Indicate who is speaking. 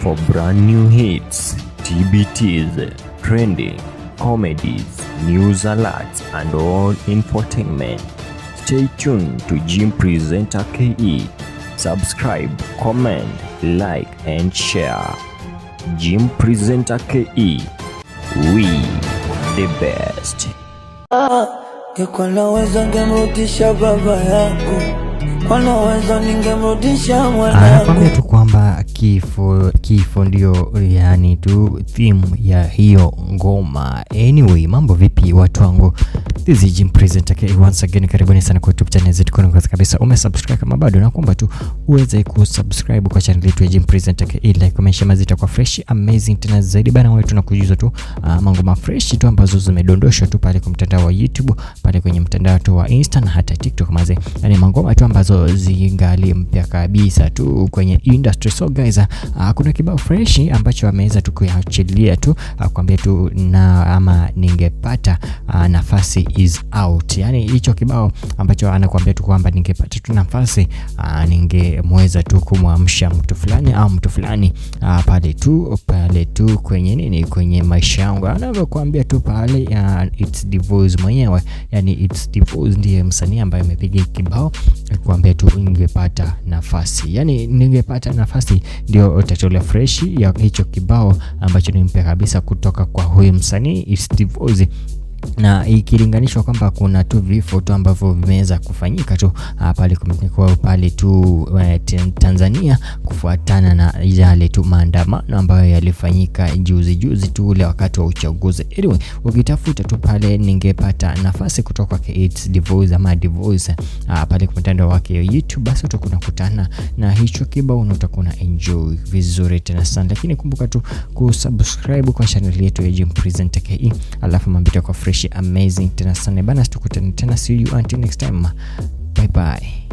Speaker 1: For brand new hits, TBTs, trending, comedies, news alerts, and all infotainment, stay tuned to Jim Presenter KE. Subscribe, comment, like, and share. Jim Presenter KE. We the best. Ah, Nikonaweza ngemrudisha baba
Speaker 2: yangu, kifo, kifo ndio yani tu theme ya hiyo ngoma. Anyway, mambo vipi watu wangu? This is Jim Present KE once again, karibuni sana kwa YouTube channel zetu. kwa kwanza kabisa umesubscribe kama bado, nakuomba tu uweze kusubscribe kwa channel yetu ya Jim Presenter KE, like comment, share, mazito kwa fresh amazing tena zaidi bana. Wewe tunakujuza tu uh, ma fresh tu ambazo zimedondoshwa tu pale kwa mtandao wa YouTube, pale kwenye mtandao tu wa Insta na hata TikTok mazee. yani mambo tu ambazo zingali mpya kabisa tu kwenye industry so guys, uh, kuna kibao fresh ambacho ameweza tukuachilia tu uh, kuambia tu na ama ningepata uh, nafasi is out. Yani hicho kibao ambacho anakuambia tu kwamba ningepata tu nafasi uh, ningemweza tu kumwamsha mtu fulani au mtu fulani uh, pale tu pale tu kwenye nini, kwenye maisha yangu anavyokuambia tu pale uh, it's divorce mwenyewe, yani it's divorce ndiye msanii ambaye amepiga kibao kuambia tu ningepata nafasi, yani ningepata nafasi ndio utatolea fresh ya hicho kibao ambacho nimpya kabisa kutoka kwa huyu msanii it's Divoz na ikilinganishwa kwamba kuna tu vifo tu ambavyo vimeweza kufanyika tu ah, pale kumekuwa pale tu uh, Tanzania kufuatana na yale tu maandamano ambayo yalifanyika juzi juzi tu ule wakati wa uchaguzi. Anyway, ukitafuta tu pale ningepata nafasi kutoka kwa It's Divoice ama Divoice uh, ah, pale kwa mtandao wake YouTube, basi utakuwa kutana na hicho kibao na utakuwa na enjoy vizuri tena sana, lakini kumbuka tu kusubscribe kwa channel yetu ya Jim Presenter KE, alafu mambita kwa free fresh amazing tena sana bana, tukutane tena, see you until next time, bye bye.